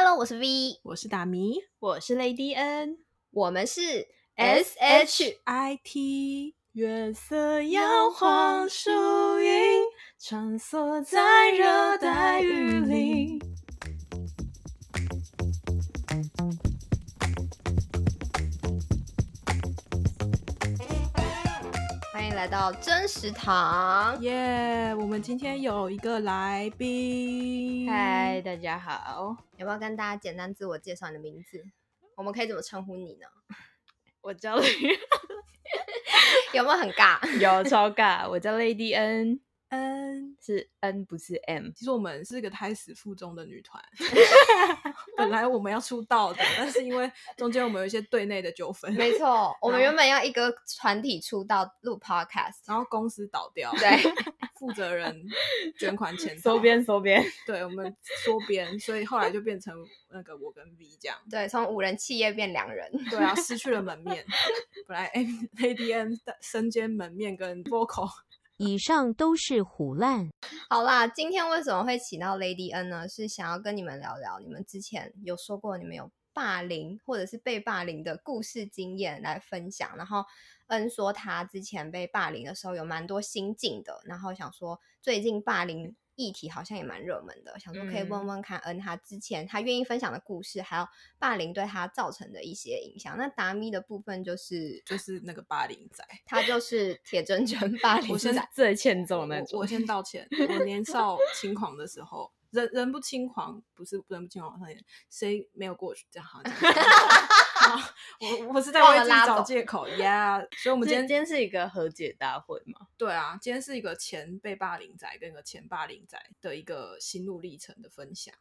Hello，我是 V，我是大米，我是 Lady N，我們是、SH、S H I T。 月色搖晃樹影，穿梭在熱帶雨林。來到真食堂，耶！Yeah, 我們今天有一個來賓。嗨，大家好，有沒有跟大家簡單自我介紹你的名字？我們可以怎麼稱呼你呢？我叫李， 有沒有很尬？有，超尬。我叫 Lady N。N 是 N 不是 M，其實我們是個胎死腹中的女團， 本來我們要出道的，但是因為中間我們有一些隊內的糾紛，沒錯錯，後我們原本要一個團體出道錄 Podcast，然後公司倒掉，對，負責人捐款錢收邊收邊，對，我們收編，所以後來就變成那個我跟 V 這樣，對，從五人企業變兩人，對啊，失去了門面，本來 Lady N 身兼門面跟 Vocal。以上都是胡亂。好啦，今天為什麼會請到 Lady N 呢？是想要跟你們聊聊，你們之前有說過你們有霸凌或者是被霸凌的故事經驗來分享。然後 N 說他之前被霸凌的時候有蠻多心境的，然後想說最近霸凌，議題好像也蠻熱門的，想說可以問問看恩，他之前他願意分享的故事，嗯、還有霸凌對他造成的一些影響。那達咪的部分就是就是那個霸凌仔，他就是鐵錚錚霸凌仔， 我先最欠揍那種。我先道歉，我年少輕狂的時候。 人人不輕狂，不是人不輕狂上演，誰沒有過去這樣？這樣 好，我我是在為自己找借口呀。Yeah, 所以，我們今天今天是一個和解大會嘛？對啊，今天是一個前被霸凌仔跟一個前霸凌仔的一個心路歷程的分享。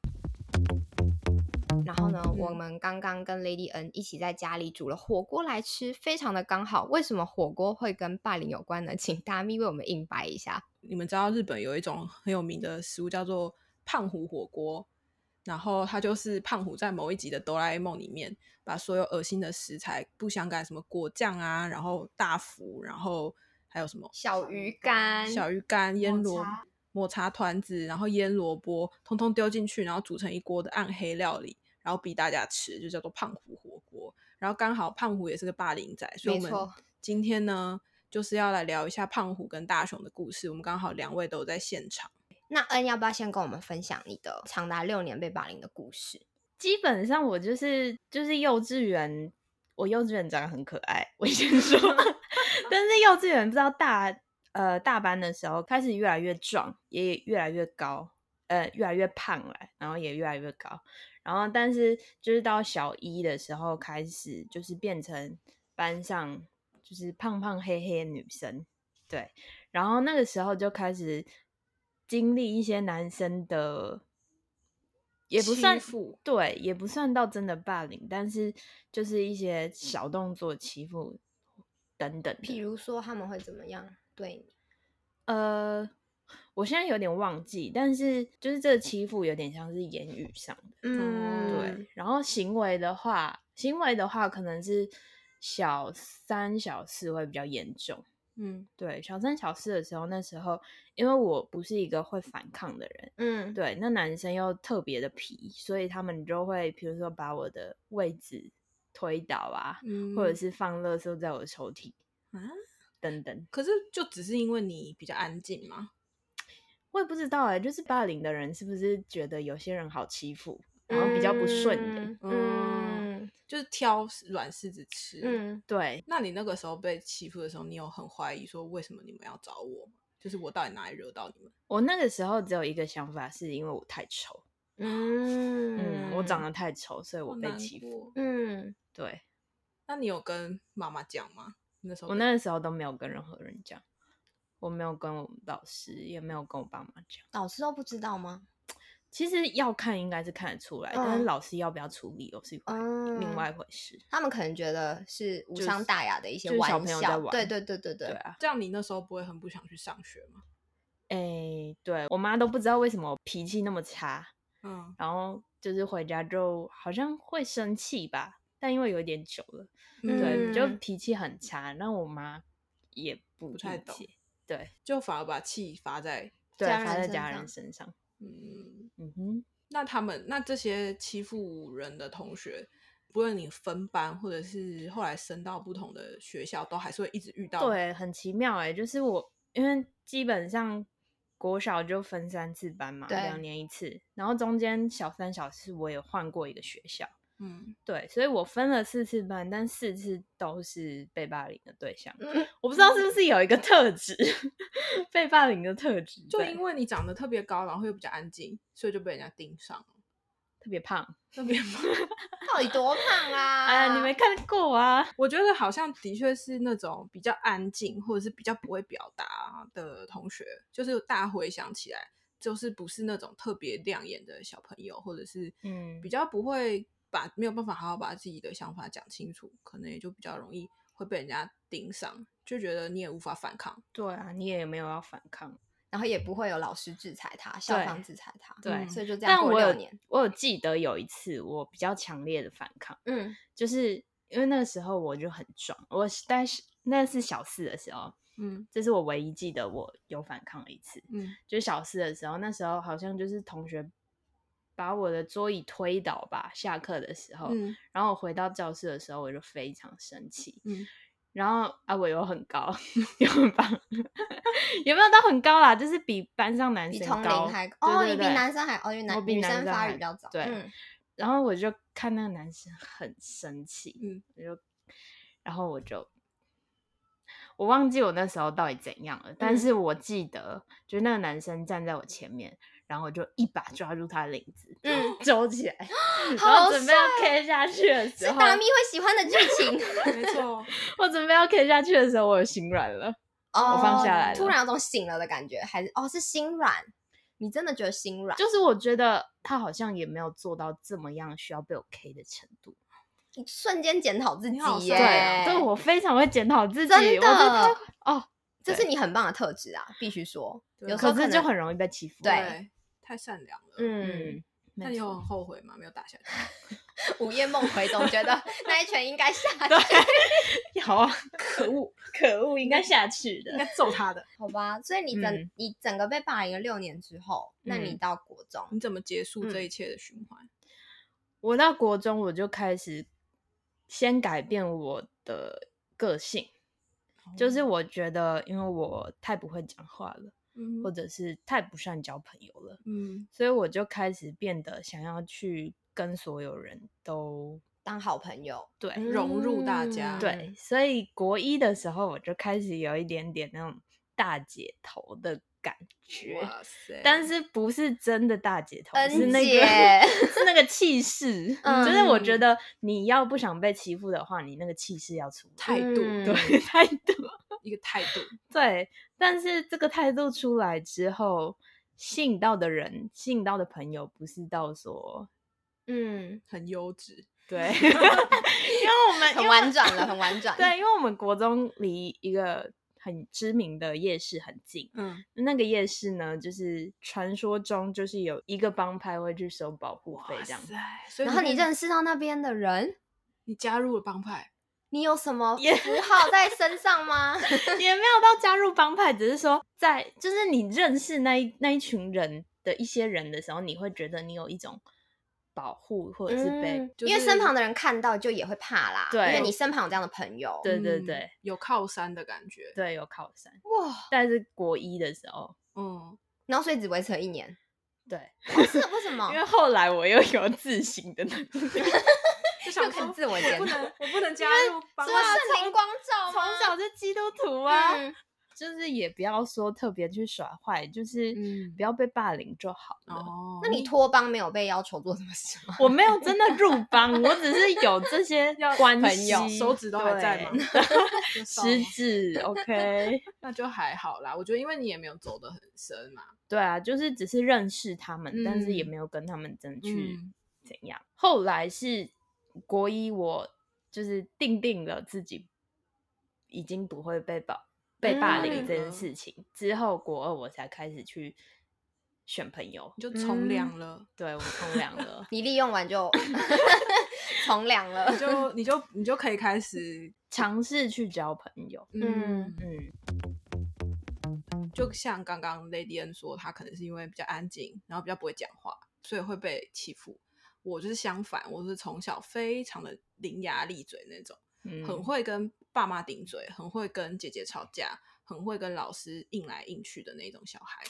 然後呢，嗯、我們剛剛跟 Lady N 一起在家裡煮了火鍋來吃，非常的剛好。為什麼火鍋會跟霸凌有關呢？請大咪為我們硬掰一下。你們知道日本有一種很有名的食物叫做？胖虎火鍋，然後他就是胖虎在某一集的哆啦 A 夢裡面，把所有噁心的食材，不相干什麼果醬啊，然後大福，然後還有什麼小魚乾、小魚乾、醃蘿羅抹茶糰子，然後醃蘿蔔，通通丟進去，然後煮成一鍋的暗黑料理，然後逼大家吃，就叫做胖虎火鍋。然後剛好胖虎也是個霸凌仔，錯所以我們今天呢，就是要來聊一下胖虎跟大雄的故事。我們剛好兩位都在現場。那恩，要不要先跟我們分享你的長達六年被霸凌的故事？基本上我就是就是幼稚園，我幼稚園長得很可愛，我先說。 但是幼稚園不知道大呃大班的時候開始越來越壯，也越來越高，呃越來越胖了，欸，然後也越來越高。然後但是就是到小一的時候開始就是變成班上就是胖胖黑黑的女生，對。然後那個時候就開始。經歷一些男生的也不算、欺負，對，也不算到真的霸凌，但是就是一些小動作欺負等等。比如說他們會怎麼樣對你？呃，我現在有點忘記，但是就是這個欺負有點像是言語上的，嗯，對。然後行為的話，行為的話可能是小三小四會比較嚴重。嗯，對，小三小四的時候，那時候因為我不是一個會反抗的人，嗯，對，那男生又特別的皮，所以他們就會，比如說把我的位置推倒啊，嗯、或者是放垃圾在我的抽屜啊，等等。可是就只是因為你比較安靜嗎？我也不知道哎、欸，就是霸凌的人是不是覺得有些人好欺負，然後比較不順的？嗯。嗯。就是挑軟柿子吃。嗯，對。那你那個時候被欺負的時候，你有很懷疑說為什麼你們要找我？就是我到底哪裡惹到你們？我那個時候只有一個想法，是因為我太醜。嗯嗯，嗯我長得太醜，所以我被欺負。哦、嗯，對。那你有跟媽媽講嗎？那時候我那個時候都沒有跟任何人講，我沒有跟我們老師，也沒有跟我爸媽講。老師都不知道嗎？其實要看，應該是看得出來，嗯、但是老師要不要處理，又是、嗯、另外一回事。他們可能覺得是無傷大雅的一些玩笑，對對對對對。對啊、這樣你那時候不會很不想去上學嗎？哎、欸，對我媽都不知道為什麼我脾氣那麼差，嗯、然後就是回家就好像會生氣吧，但因為有點久了，嗯、對，就脾氣很差。那我媽也不,不太懂，對，就反而把氣發在對發在家人身上。嗯嗯哼，那他們，那這些欺負人的同學，不論你分班或者是後來升到不同的學校，都還是會一直遇到？對，很奇妙欸，就是我因為基本上國小就分三次班嘛，兩對年一次，然後中間小三小四我也換過一個學校。嗯，對，所以我分了四次班，但四次都是被霸凌的對象。嗯、我不知道是不是有一個特質，嗯、被霸凌的特質，就因為你長得特別高，然後又比較安靜，所以就被人家盯上了。特別胖，特別胖， 到底多胖啊？哎、呃，你沒看過啊？我覺得好像的確是那種比較安靜，或者是比較不會表達的同學，就是大回想起來，就是不是那種特別亮眼的小朋友，或者是嗯，比較不會。把沒有辦法好好把自己的想法講清楚，可能也就比較容易會被人家盯上，就覺得你也無法反抗。對啊，你也沒有要反抗，然後也不會有老師制裁他，對校方制裁他。對，嗯、所以就這樣過六年。但我有，我有記得有一次我比較強烈的反抗，嗯，就是因為那個時候我就很壯。我但是那是小四的時候，嗯，這是我唯一記得我有反抗一次，嗯，就是小四的時候，那時候好像就是同學。把我的桌椅推倒吧，下課的時候，嗯、然後我回到教室的時候，我就非常生氣。嗯、然後啊，我又很高，又 很棒， 有沒有到很高啦？就是比班上男生高，還哦，你比男生還哦，因為男，比男生發育比較早。嗯、對，嗯、然後我就看那個男生很生氣，嗯，我就，然後我就。我忘記我那時候到底怎樣了，但是我記得，嗯、就是那個男生站在我前面，然後我就一把抓住他的領子，嗯，走起來， 然後準備要 K 下去的時候，是大咪會喜歡的劇情， 沒錯。我準備要 K 下去的時候，我有心軟了，哦、我放下來了，突然有種醒了的感覺，還是哦，是心軟，你真的覺得心軟？就是我覺得他好像也沒有做到這麼樣需要被我 K 的程度。瞬間檢討自己耶！對，這個我非常會檢討自己。真的哦，這是你很棒的特質啊，必須說。有時候可能就很容易被欺負。對，太善良了。嗯，那你有後悔嗎？沒有打下去。午夜夢回，總覺得那一拳應該下去。對，好啊，可惡，可惡，應該下去的，應該揍他的。好吧，所以你整你整個被霸凌了六年之後，那你到國中，你怎麼結束這一切的循環？我到國中，我就開始。先改變我的個性，Oh. 就是我覺得，因為我太不會講話了，嗯、或者是太不善交朋友了，嗯、所以我就開始變得想要去跟所有人都當好朋友，對，嗯、融入大家，對，所以國一的時候，我就開始有一點點那種大姐頭的。感覺哇塞。但是不是真的大姐頭，姐是那個 是那個氣勢，嗯、就是我覺得你要不想被欺負的話，你那個氣勢要出來，態度、嗯、對，態度，一個態度對。但是這個態度出來之後，吸引到的人，吸引到的朋友不是到說嗯，很優質，對， 因為我們因為很婉轉的很婉轉對，因為我們國中離一個很知名的夜市很近，嗯，那個夜市呢，就是傳說中就是有一個幫派會去收保護費這樣子，所以就是，然後你認識到那邊的人，你加入了幫派，你有什麼符號在身上嗎？也， 也沒有到加入幫派，只是說在就是你認識那一那一群人的一些人的時候，你會覺得你有一種。保護或者是被，因為身旁的人看到就也會怕啦。對，因為你身旁有這樣的朋友，對對對，有靠山的感覺，對，有靠山。哇！但是國一的時候，嗯，然後所以只維持了一年。對，是為什麼？因為後來我又有自行的能力，就想看自我檢討。我不能加入什麼聖靈光照，從小就基督徒啊。就是也不要說特別去耍壞，就是不要被霸凌就好了。嗯、那你脫幫沒有被要求做什麼事嗎？我沒有真的入幫， 我只是有這些關係，手指都還在嗎？食指對 ，OK，那就還好啦。我覺得因為你也沒有走得很深嘛。對啊，就是只是認識他們，嗯、但是也沒有跟他們爭取怎樣。嗯、後來是國一，我就是定定了自己已經不會被霸。被霸凌這件事情、嗯嗯、之後，國二我才開始去選朋友。你就從良了。嗯、對我從良了， 你利用完就從 良了，就你就你就可以開始嘗試去交朋友。嗯嗯，嗯就像剛剛 Lady N 說，她可能是因為比較安靜，然後比較不會講話，所以會被欺負。我就是相反，我是從小非常的伶牙俐嘴那種，很會跟爸媽頂嘴，很會跟姐姐吵架，很會跟老師硬來硬去的那種小孩。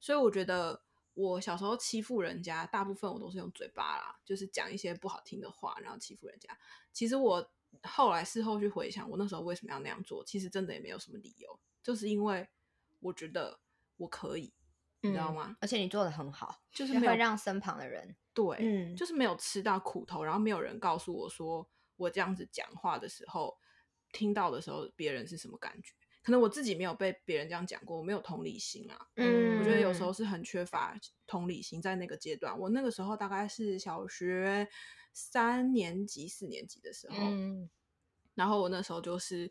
所以我覺得我小時候欺負人家，大部分我都是用嘴巴啦，就是講一些不好聽的話，然後欺負人家。其實我後來事後去回想，我那時候為什麼要那樣做，其實真的也沒有什麼理由，就是因為我覺得我可以，嗯、你知道嗎？而且你做得很好，就是沒有會讓身旁的人對，嗯，就是沒有吃到苦頭，然後沒有人告訴我說我這樣子講話的時候。聽到的時候，別人是什麼感覺？可能我自己沒有被別人這樣講過，我沒有同理心啊。嗯，我覺得有時候是很缺乏同理心，在那個階段，我那個時候大概是小學三年級、四年級的時候。嗯，然後我那時候就是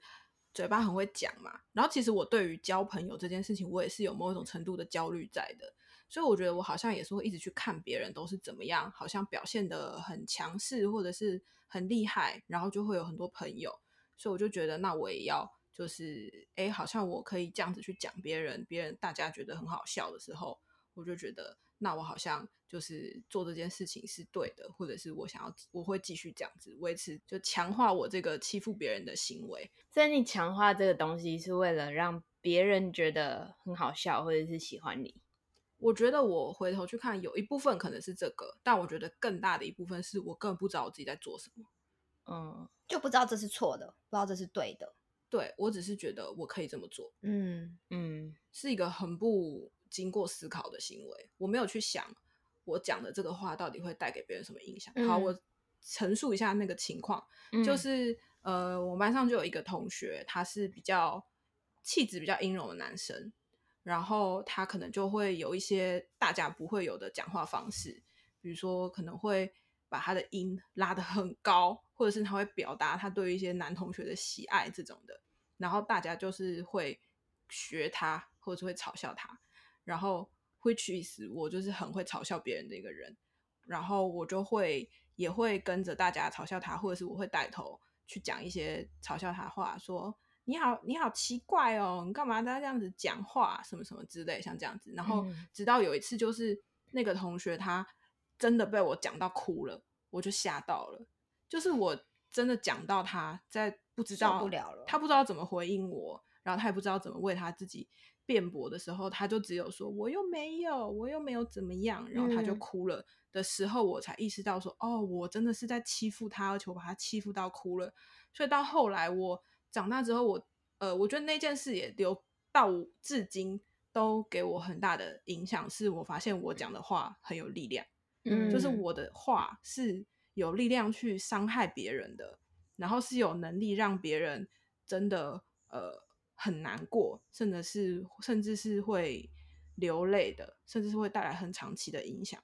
嘴巴很會講嘛。然後其實我對於交朋友這件事情，我也是有某一種程度的焦慮在的。所以我覺得我好像也是會一直去看別人都是怎麼樣，好像表現得很強勢或者是很厲害，然後就會有很多朋友。所以我就覺得，那我也要就是，哎，好像我可以這樣子去講別人，別人大家覺得很好笑的時候，我就覺得，那我好像就是做這件事情是對的，或者是我想要，我會繼續這樣子維持，就強化我這個欺負別人的行為。所以你強化這個東西是為了讓別人覺得很好笑，或者是喜歡你？我覺得我回頭去看，有一部分可能是這個，但我覺得更大的一部分是我根本不知道我自己在做什麼。嗯，oh. 就不知道這是錯的，不知道這是對的。對，我只是覺得我可以這麼做。嗯嗯，嗯是一個很不經過思考的行為。我沒有去想我講的這個話到底會帶給別人什麼影響。嗯、好，我陳述一下那個情況，嗯、就是呃，我班上就有一個同學，他是比較氣質比較陰柔的男生，然後他可能就會有一些大家不會有的講話方式，比如說可能會。把他的音拉得很高，或者是他會表達他對於一些男同學的喜愛這種的，然後大家就是會學他，或者是會嘲笑他，然後會去意思我就是很會嘲笑別人的一個人，然後我就會也會跟着大家嘲笑他，或者是我會帶頭去講一些嘲笑他的話，說你好，你好奇怪哦，你幹嘛大家這樣子講話，啊，什麼什麼之類，像這樣子。然後直到有一次，就是那個同學他，真的被我講到哭了，我就嚇到了。就是我真的講到他在不知道，受不了了，他不知道怎麼回應我，然後他也不知道怎麼為他自己辯駁的時候，他就只有說我又沒有，我又沒有怎麼樣，然後他就哭了的時候，嗯，我才意識到說哦，我真的是在欺負他，而且我把他欺負到哭了。所以到後來我長大之後我，我呃，我覺得那件事也留到至今都給我很大的影響，是我發現我講的話很有力量。嗯，就是我的話是有力量去傷害別人的，然後是有能力讓別人真的呃很難過，甚至是甚至是會流淚的，甚至是會帶來很長期的影響。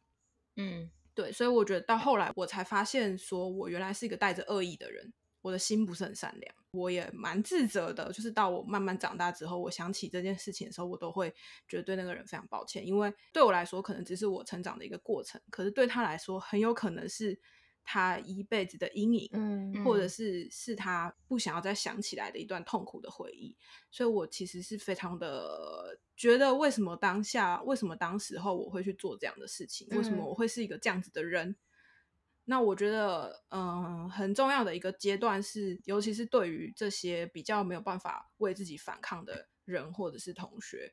嗯，對，所以我覺得到後來我才發現說我原來是一個帶着惡意的人。我的心不是很善良，我也蠻自責的。就是到我慢慢長大之後，我想起這件事情的時候，我都會覺得對那個人非常抱歉。因為對我來說，可能只是我成長的一個過程，可是對他來說，很有可能是他一輩子的陰影，嗯嗯、或者是是他不想要再想起來的一段痛苦的回憶。所以我其實是非常的覺得，為什麼當下，為什麼當時候我會去做這樣的事情？嗯、為什麼我會是一個這樣子的人？那我覺得，嗯、呃，很重要的一個階段是，尤其是對於這些比較沒有辦法為自己反抗的人或者是同學，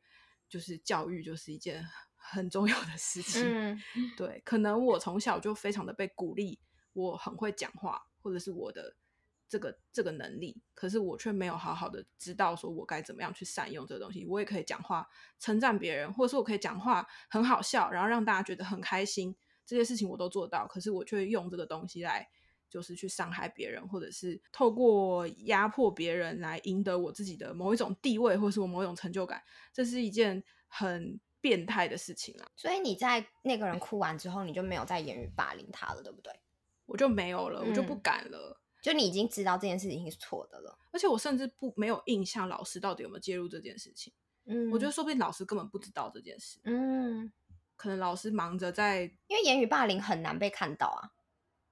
就是教育就是一件很重要的事情。嗯、對，可能我從小就非常的被鼓勵，我很會講話，或者是我的這個這個能力，可是我卻沒有好好的知道說我該怎麼樣去善用這東西。我也可以講話稱讚別人，或者是我可以講話很好笑，然後讓大家覺得很開心。這些事情我都做到，可是我卻用這個東西來，就是去傷害別人，或者是透過壓迫別人來贏得我自己的某一種地位，或是我某一種成就感。這是一件很變態的事情啊！所以你在那個人哭完之後，你就沒有再言語霸凌他了，對不對？我就沒有了，我就不敢了。嗯，就你已經知道這件事情是錯的了，而且我甚至不沒有印象老師到底有沒有介入這件事情。嗯，我覺得說不定老師根本不知道這件事。嗯。可能老師忙着在，因為言語霸凌很難被看到啊。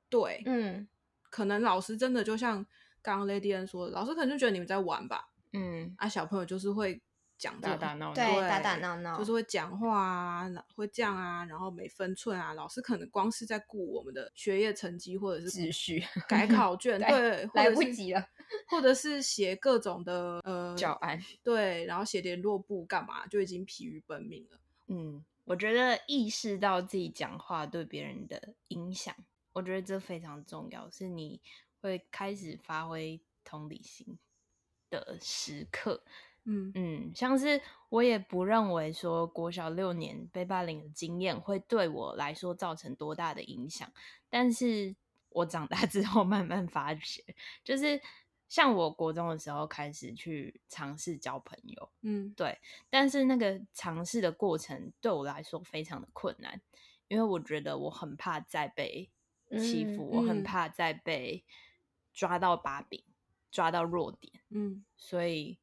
對，嗯，可能老師真的就像剛剛 Lady N 說的，老師可能就覺得你們在玩吧。嗯，啊，小朋友就是會講打打鬧鬧，對，打打鬧鬧就是會講話啊，會這樣啊，然後沒分寸啊。老師可能光是在顧我們的學業成績或者是秩序改考卷，對，來不及了，或者是寫各種的呃教案，對，然後寫聯絡簿幹嘛，就已經疲於奔命了。嗯。我覺得意識到自己講話對別人的影響，我覺得這非常重要，是你會開始發揮同理心的時刻。嗯嗯，像是我也不認為說國小六年被霸凌的經驗會對我來說造成多大的影響，但是我長大之後慢慢發覺，就是。像我國中的時候開始去嘗試交朋友，嗯，對，但是那個嘗試的過程對我來說非常的困難，因為我覺得我很怕再被欺負，嗯嗯、我很怕再被抓到把柄，抓到弱點，嗯，所以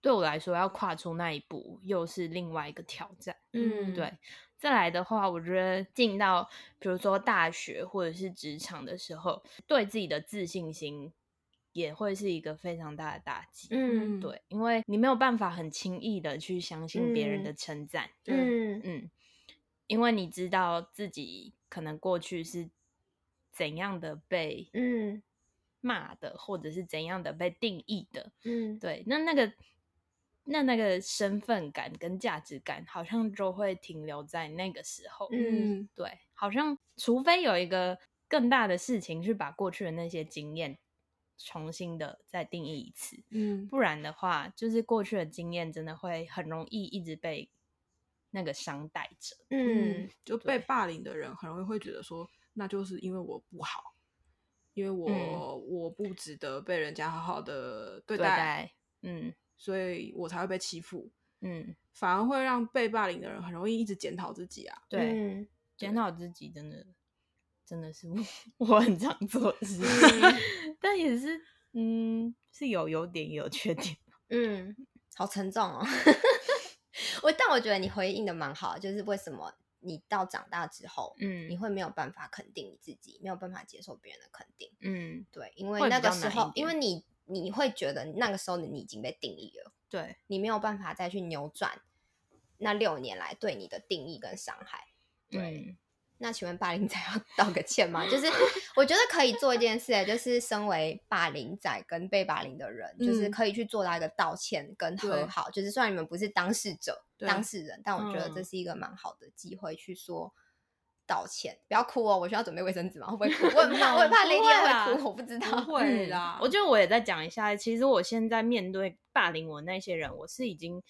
對我來說要跨出那一步又是另外一個挑戰，嗯，對，再來的話，我覺得進到比如說大學或者是職場的時候，對自己的自信心。也會是一個非常大的打擊，嗯，對，因為你沒有辦法很輕易的去相信別人的稱讚，嗯嗯、嗯，因為你知道自己可能過去是怎樣的被嗯罵的，嗯、或者是怎樣的被定義的，嗯，對，那那個那那個身份感跟價值感好像就會停留在那個時候，嗯，對，好像除非有一個更大的事情去把過去的那些經驗重新的再定義一次，嗯，不然的話，就是過去的經驗真的會很容易一直被那個傷帶着，嗯，對就被霸凌的人很容易會覺得說，那就是因為我不好，因為我、嗯、我不值得被人家好好的對待，對對嗯，所以我才會被欺負，嗯，反而會讓被霸凌的人很容易一直檢討自己啊，對，檢討、嗯、對自己真的。真的是我， 我很常做，是，但也是，嗯，是有優點也有缺點，嗯，好沉重哦。 我但我覺得你回應的蠻好，就是為什麼你到長大之後，嗯，你會沒有辦法肯定你自己，沒有辦法接受別人的肯定，嗯，對，因為那個時候，因為你你會覺得那個時候你已經被定義了，對，你沒有辦法再去扭轉那六年來對你的定義跟傷害，嗯、對。那請問霸凌仔要道個歉嗎？ 就是我覺得可以做一件事，欸,就是身為霸凌仔跟被霸凌的人，嗯、就是可以去做到一個道歉跟和好。對就是雖然你們不是當事者，對當事人，但我覺得這是一個蠻好的機會去說道歉。嗯、不要哭哦，喔，我需要準備衛生紙嗎？會不會哭？我很怕，我也怕，不 會哭。不會啦，我不知道，會啦。嗯、我覺得我也再講一下，其實我現在面對霸凌我那些人，我是已經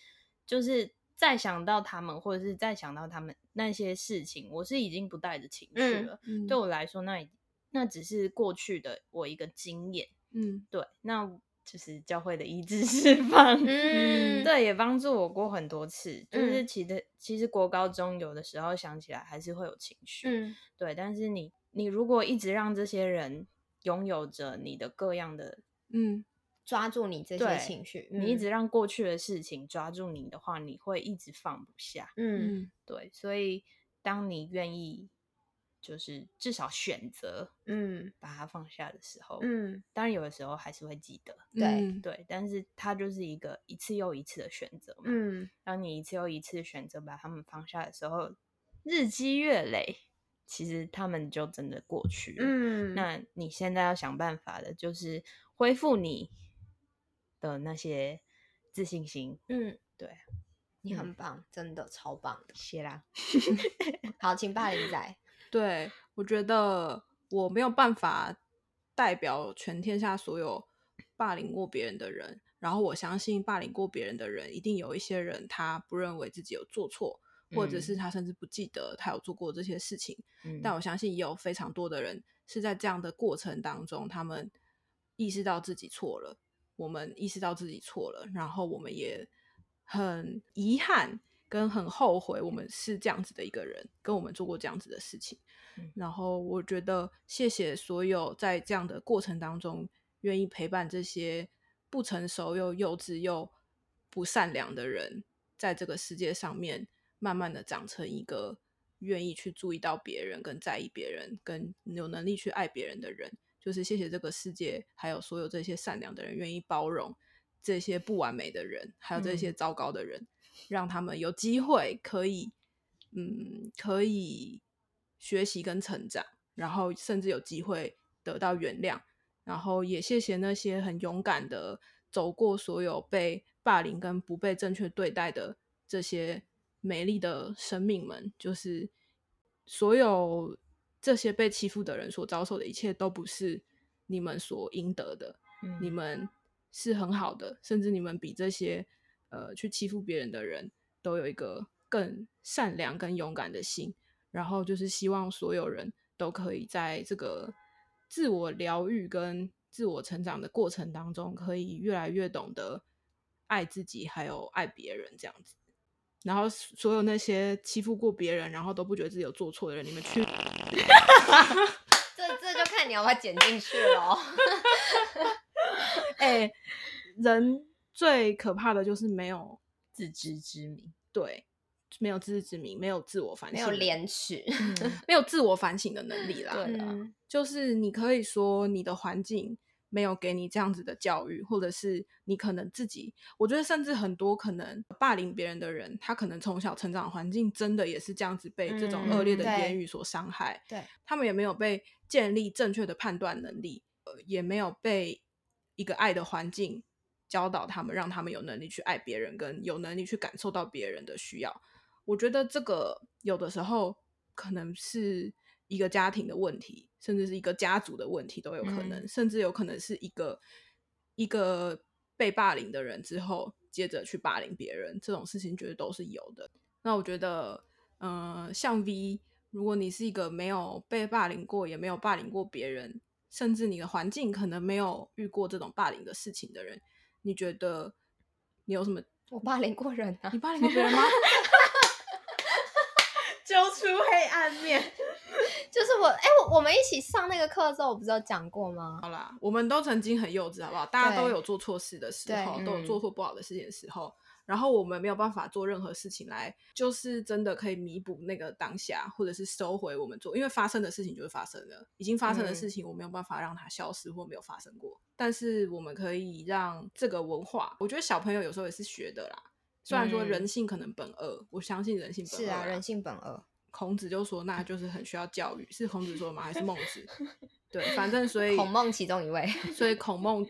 就是。再想到他們，或者是再想到他們那些事情，我是已經不帶着情緒了。嗯嗯、對我來說，那，那那只是過去的我一個經驗。嗯，對，那就是教會的一致釋放。嗯，嗯，對，也幫助我過很多次。就是其實，嗯、其實國高中有的時候想起來還是會有情緒。嗯，對。但是你你如果一直讓這些人擁有着你的各樣的嗯。抓住你這些情緒，你一直讓過去的事情抓住你的話，你會一直放不下。嗯，對，所以當你願意，就是至少選擇，嗯，把它放下的時候，嗯，當然有的時候還是會記得，嗯、對、嗯、對，但是它就是一個一次又一次的選擇嘛，嗯，當你一次又一次選擇把他們放下的時候，日積月累，其實他們就真的過去了。嗯，那你現在要想辦法的就是恢復你。的那些自信心，嗯，對，你很棒，嗯、真的超棒的，謝謝啦。 好，請霸凌仔。對，我覺得我沒有辦法代表全天下所有霸凌過別人的人，然後我相信霸凌過別人的人，一定有一些人他不認為自己有做錯，嗯、或者是他甚至不記得他有做過這些事情。嗯、但我相信也有非常多的人是在這樣的過程當中，他們意識到自己錯了。我們意識到自己錯了，然後我們也很遺憾跟很後悔，我們是這樣子的一個人，跟我們做過這樣子的事情。嗯。然後我覺得，謝謝所有在這樣的過程當中願意陪伴這些不成熟又幼稚又不善良的人，在這個世界上面慢慢的長成一個願意去注意到別人跟在意別人跟有能力去愛別人的人。就是謝謝這個世界，還有所有這些善良的人，願意包容這些不完美的人，還有這些糟糕的人，嗯、讓他們有機會可以，嗯，可以學習跟成長，然後甚至有機會得到原諒。然後也謝謝那些很勇敢的，走過所有被霸凌跟不被正確對待的這些美麗的生命們，就是所有。這些被欺負的人所遭受的一切都不是你們所應得的。嗯、你們是很好的，甚至你們比這些呃去欺負別人的人都有一個更善良跟勇敢的心。然後就是希望所有人都可以在這個自我療癒跟自我成長的過程當中，可以越來越懂得愛自己，還有愛別人這樣子。然後所有那些欺負過別人，然後都不覺得自己有做錯的人，你們去。哈哈哈， 這這就看你要把它剪進去咯、 欸。人最可怕的就是沒有自知之明，對，沒有自知之明，沒有自我反省，沒有廉恥，嗯、 沒有自我反省的能力啦。了 就是你可以說你的環境。沒有給你這樣子的教育，或者是你可能自己，我覺得甚至很多可能霸凌別人的人，他可能從小成長環境真的也是這樣子被這種惡劣的言語所傷害，嗯、對，對，他們也沒有被建立正確的判斷能力，呃，也沒有被一個愛的環境教導他們，讓他們有能力去愛別人，跟有能力去感受到別人的需要。我覺得這個有的時候可能是。一個家庭的問題，甚至是一個家族的問題都有可能，嗯、甚至有可能是一個一個被霸凌的人之後，接着去霸凌別人這種事情，覺得都是有的。那我覺得，嗯、呃，像 V，如果你是一個沒有被霸凌過，也沒有霸凌過別人，甚至你的環境可能沒有遇過這種霸凌的事情的人，你覺得你有什麼？我霸凌過人，啊，你霸凌過別人嗎？ 揪出黑暗面。就是我，誒、欸，我我們一起上那個課的時候，我不是有講過嗎？好啦，我們都曾經很幼稚，好不好？大家都有做錯事的時候，對都有做錯不好的事情的時候。嗯、然後我們沒有辦法做任何事情來，就是真的可以彌補那個當下，或者是收回我們做，因為發生的事情就是發生了，已經發生的事情，我沒有辦法讓它消失或沒有發生過。嗯、但是我們可以讓這個文化，我覺得小朋友有時候也是學的啦。雖然說人性可能本惡，嗯、我相信人性本惡啦。是啊，人性本惡。孔子就說，那就是很需要教育，是孔子說的嗎？還是孟子？對，反正所以孔孟其中一位，所以孔孟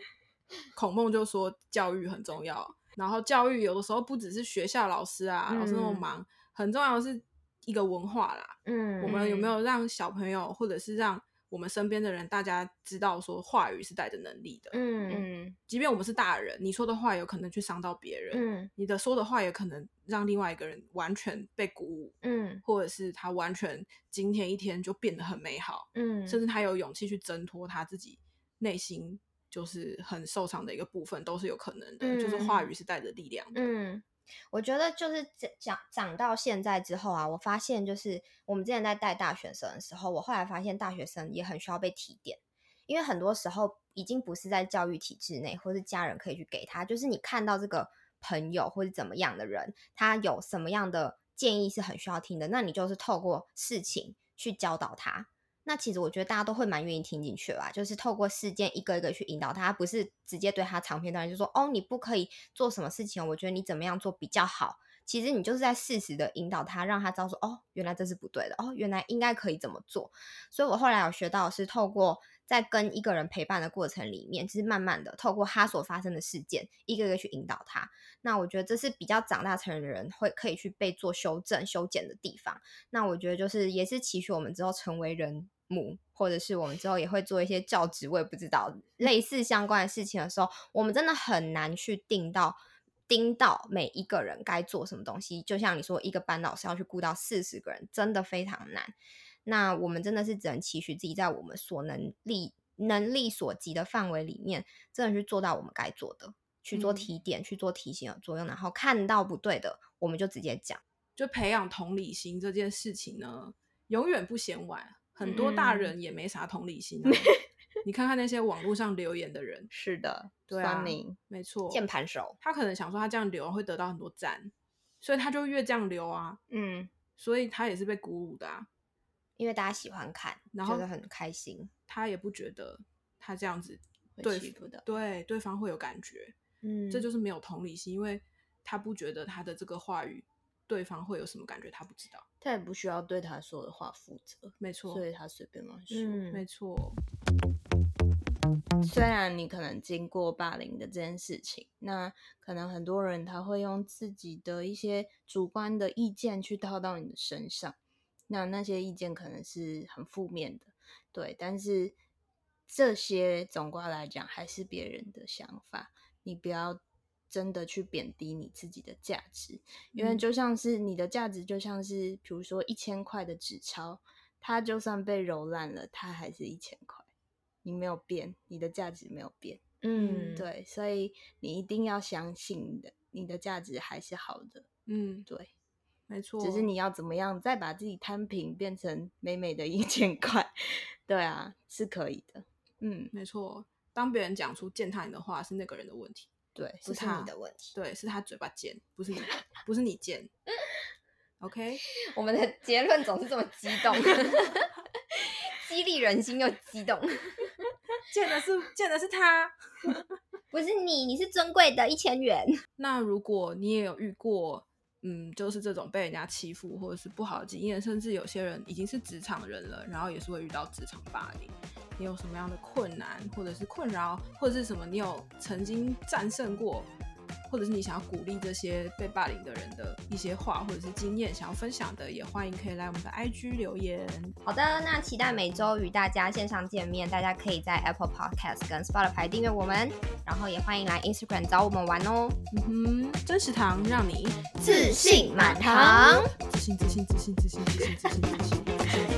孔孟就說教育很重要，然後教育有的時候不只是學校老師啊，嗯、老師那麼忙，很重要的是一個文化啦。嗯，我們有沒有讓小朋友，或者是讓？我們身邊的人，大家知道說，話語是帶着能力的。嗯，即便我們是大人，你說的話有可能去傷到別人。嗯，你的說的話也可能讓另外一個人完全被鼓舞。嗯，或者是他完全今天一天就變得很美好。嗯，甚至他有勇氣去掙脫他自己內心就是很受傷的一個部分，都是有可能的。嗯，就是話語是帶着力量的。嗯，嗯。我覺得就是講，講到現在之後啊，我發現就是我們之前在帶大學生的時候，我後來發現大學生也很需要被提點，因為很多時候已經不是在教育體制內，或者家人可以去給他，就是你看到這個朋友或者怎麼樣的人，他有什麼樣的建議是很需要聽的，那你就是透過事情去教導他。那其實我覺得大家都會蠻願意聽進去吧，就是透過事件一個一個去引導他，他不是直接對他長篇大論就說哦，你不可以做什麼事情，我覺得你怎麼樣做比較好。其實你就是在適時的引導他，讓他知道說哦，原來這是不對的哦，原來應該可以怎麼做。所以我後來有學到的是透過在跟一個人陪伴的過程裡面，就是慢慢的透過他所發生的事件，一個一個去引導他。那我覺得這是比較長大成人的人會可以去被做修正修剪的地方。那我覺得就是也是期許我們之後成為人母或者是我們之後也會做一些教職，我也不知道類似相關的事情的時候，我們真的很難去定到盯到每一個人該做什麼東西。就像你說，一個班老師要去顧到四十個人，真的非常難。那我們真的是只能期許自己在我們所能力能力所及的範圍裡面，真的去做到我們該做的，去做提點，嗯、去做提醒的作用，然後看到不對的，我們就直接講。就培養同理心這件事情呢，永遠不嫌晚。很多大人也沒啥同理心啊，嗯，你看看那些網絡上留言的人， 是的，對啊，沒錯，鍵盤手，他可能想說他這樣留會得到很多贊，所以他就越這樣留啊，嗯，所以他也是被鼓舞的，啊。因為大家喜歡看，然後就很開心，他也不覺得他這樣子對的，對，對方會有感覺，嗯，這就是沒有同理心，因為他不覺得他的這個話語。對方會有什麼感覺？他不知道，他也不需要對他說的話負責，沒錯，所以他隨便亂說，嗯，沒錯。雖然你可能經過霸凌的這件事情，那可能很多人他會用自己的一些主觀的意見去套到你的身上，那那些意見可能是很負面的，對，但是這些總歸來講還是別人的想法，你不要。真的去貶低你自己的價值，嗯、因為就像是你的價值，就像是比如說一千塊的紙鈔，它就算被揉爛了，它還是一千塊，你沒有變，你的價值沒有變。嗯，對，所以你一定要相信的你的你的價值還是好的。嗯，對，沒錯。只是你要怎麼樣再把自己攤平，變成美美的一千塊？對啊，是可以的。嗯，沒錯。當別人講出踐踏你的話，是那個人的問題。對，不是，是他的問題。對，是他嘴巴尖，不是你，不是你尖。OK，我們的結論總是這麼激動， 激勵人心又激動。賤的是賤的是他，不是你，你是尊貴的一千元。那如果你也有遇過，嗯，就是這種被人家欺負或者是不好的經驗，甚至有些人已經是職場人了，然後也是會遇到職場霸凌，你有什麼樣的困難，或者是困擾，或者是什麼？你有曾經戰勝過，或者是你想要鼓勵這些被霸凌的人的一些話，或者是經驗想要分享的，也歡迎可以來我們的 IG 留言。好的，那期待每周與大家線上見面。大家可以在 Apple Podcast 跟 Spotify 訂閱我們，然後也歡迎來 Instagram 找我們玩哦。嗯哼，真實堂讓你自信滿堂。自信，自信，自信，自信，自信，自信，自信。